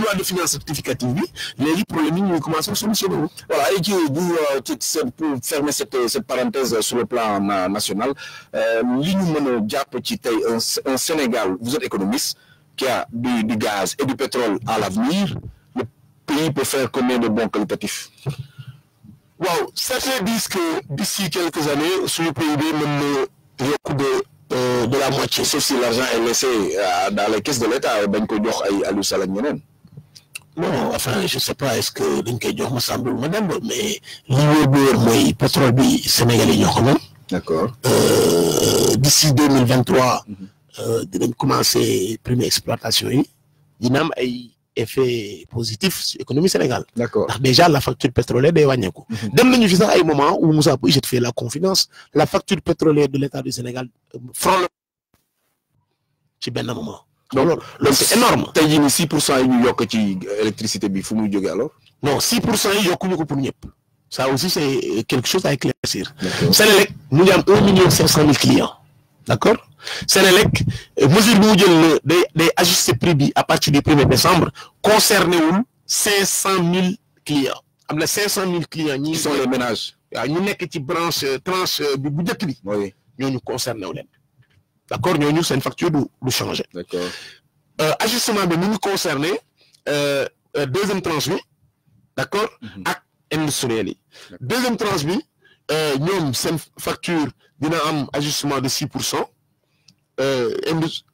de loi de finances rectificative Les problèmes, mines nous ñuy commencé solutionné voilà et qui bu euh, pour fermer cette euh, cette parenthèse euh, sur le plan national euh, ñu mën un Sénégal vous êtes économiste qui a du du gaz et du pétrole à l'avenir le pays peut faire combien de bons qualitatifs Waouh, certains disent que d'ici quelques années le PIB même le yokk de de la moitié sauf si l'argent est laissé dans les caisses de l'État bañ ko jox ay à ak ñeneen non enfin je sais pas est-ce que dañ koy jox ma sàmm mais li de bi pétrole bi Sénégal d'accord euh, d'ici 2023, dès vingt trois dinañ commencer première exploitation yi y a un effet positif sur l'économie sénégale. D'accord. Déjà, la facture pétrolière est éloignée. Dès que nous avons un moment où nous Pouy, j'ai fait la confiance, la facture pétrolière de l'État du Sénégal, euh, franc, c'est bien un moment. Non, loolu c'est énorme tey jii nii 6 pour cent yi ñu yokk ci électricité bi fu muy alors. non 6 de yi yokkuñu ko pour ñëpp. ça aussi c'est quelque chose à éclaircir. Sénélec mu ngi am 1 million de clients. d'accord Sénélec mesure bi mu jël day ajuster prix bi à partir du 1er décembre concerné wul 500 000 clients am na 500 000 clients ñi sont les ménages. waaw ñu nekk ci branche tranche bi bu njëkk bi. ñooñu concerné wu D'accord Nous, c'est une facture de, changer. D'accord. Euh, ajustement, de nous concerner. Euh, euh, deuxième transmis, d'accord À -hmm. industriel. Deuxième transmis, nous, c'est une facture d'un ajustement de 6%. Euh,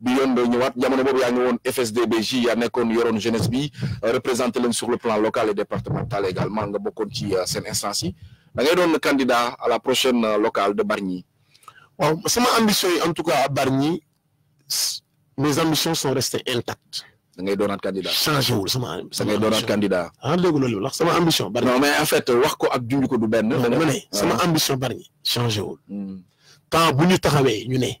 bi yoon day ñëwaat jamono bobu ya ngi won FSDBJ ya yaa yoron jeunesse bi euh, représenté leen sur le plan local et départemental également nga bokkoon ci euh, sen instance yi da ngay doon candidat à la prochaine euh, locale de Bargny. waaw sama ambition en tout cas à Bargny mes ambitions sont restées intactes. da ngay doonaat candidat changé wul sama. da ngay doonaat candidat. ah dégg loolu wax sama ambition. Bargny non mais en fait wax ko ak junj ko du ben non ma ah. sama ambition Bargny changé wul. Hmm. temps buñu taxawé ñu né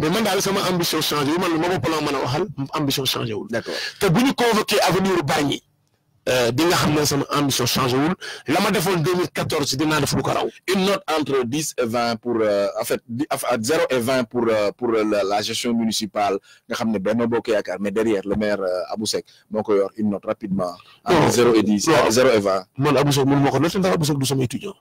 Mais moi, j'ai ma ambition changer, Moi, mon plan, mon ambition changer. D'accord. Quand vous convoquez Avenir Bagné, vous euh, savez que ma ambition changer. La ma défaut en 2014, c'est de faire le Une note entre 10 et 20 pour... Euh, en fait, 0 et 20 pour, euh, pour euh, la, gestion municipale. Vous savez que Benoît Bokeyakar, mais derrière, le maire Abou Sek, il a une note rapidement entre 0 et 10, 0 et 20. Moi, Aboussek, je ne sais pas si Aboussek est étudiant.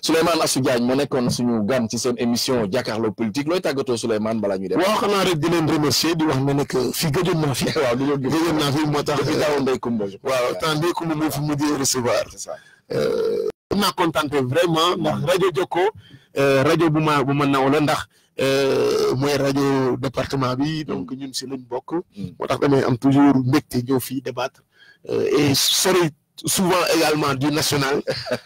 Souleymane Assou mo moo suñu gam ci seen émission jàkkaarloo politique looy tàggatoo Souleymane bala ñu dem. waaw xanaa rek di leen remercier di wax ne nag fi gëjoon naa fi. waaw du loolu gëjoon naa fi moo tax. depuis daaw Ndeye Coumba. Euh, waaw temps Ndeye Coumba moo fi mujjee recevoir. euh naa contenté vraiment ndax rajo Jokkoo euh, rajo bu ma bu ma naw la ndax euh, moy radio département bi donc ñun ci lañ bokk. Hmm. motax tax am toujours mbégte ñëw fi débattre euh et sori. souvent également du national. on *laughs*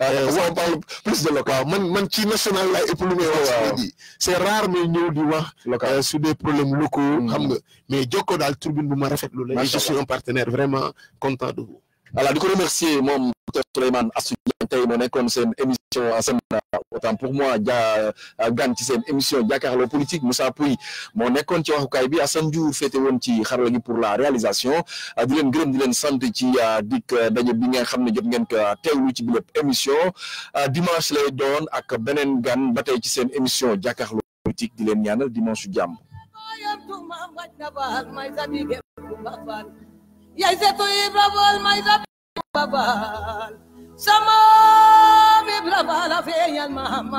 parle euh, plus de local. waaw man man ci national laay ëpp lu may wax. waaw c' est rare mais ñëw di wax. local euh, sur des problèmes locaux. Mm. mais Jokko daal tribune bu ma rafetlu la. je suis un partenaire vraiment content de vous. voilà di ko remercier moom docteur Souleymane Astou Diagne tey moo nekkoon seen émission semaine autant pour moi ja euh, gan ci seen émission jàkkaarloo politique Moussa Pouy moo nekkoon ci waxukaay bi Assane Diour féete woon ci xarala gi pour la réalisation euh, di leen gërëm di leen sant ci euh, dikk daje bi nga xam ne jot ngeen ko teewlu ci biir émission dimanche lay doon ak beneen gan ba tey ci seen émission jàkkaarloo politique di leen ñaanal dimanche su jàmm yaise tu hi braval mai da babal sama mi braval afeyan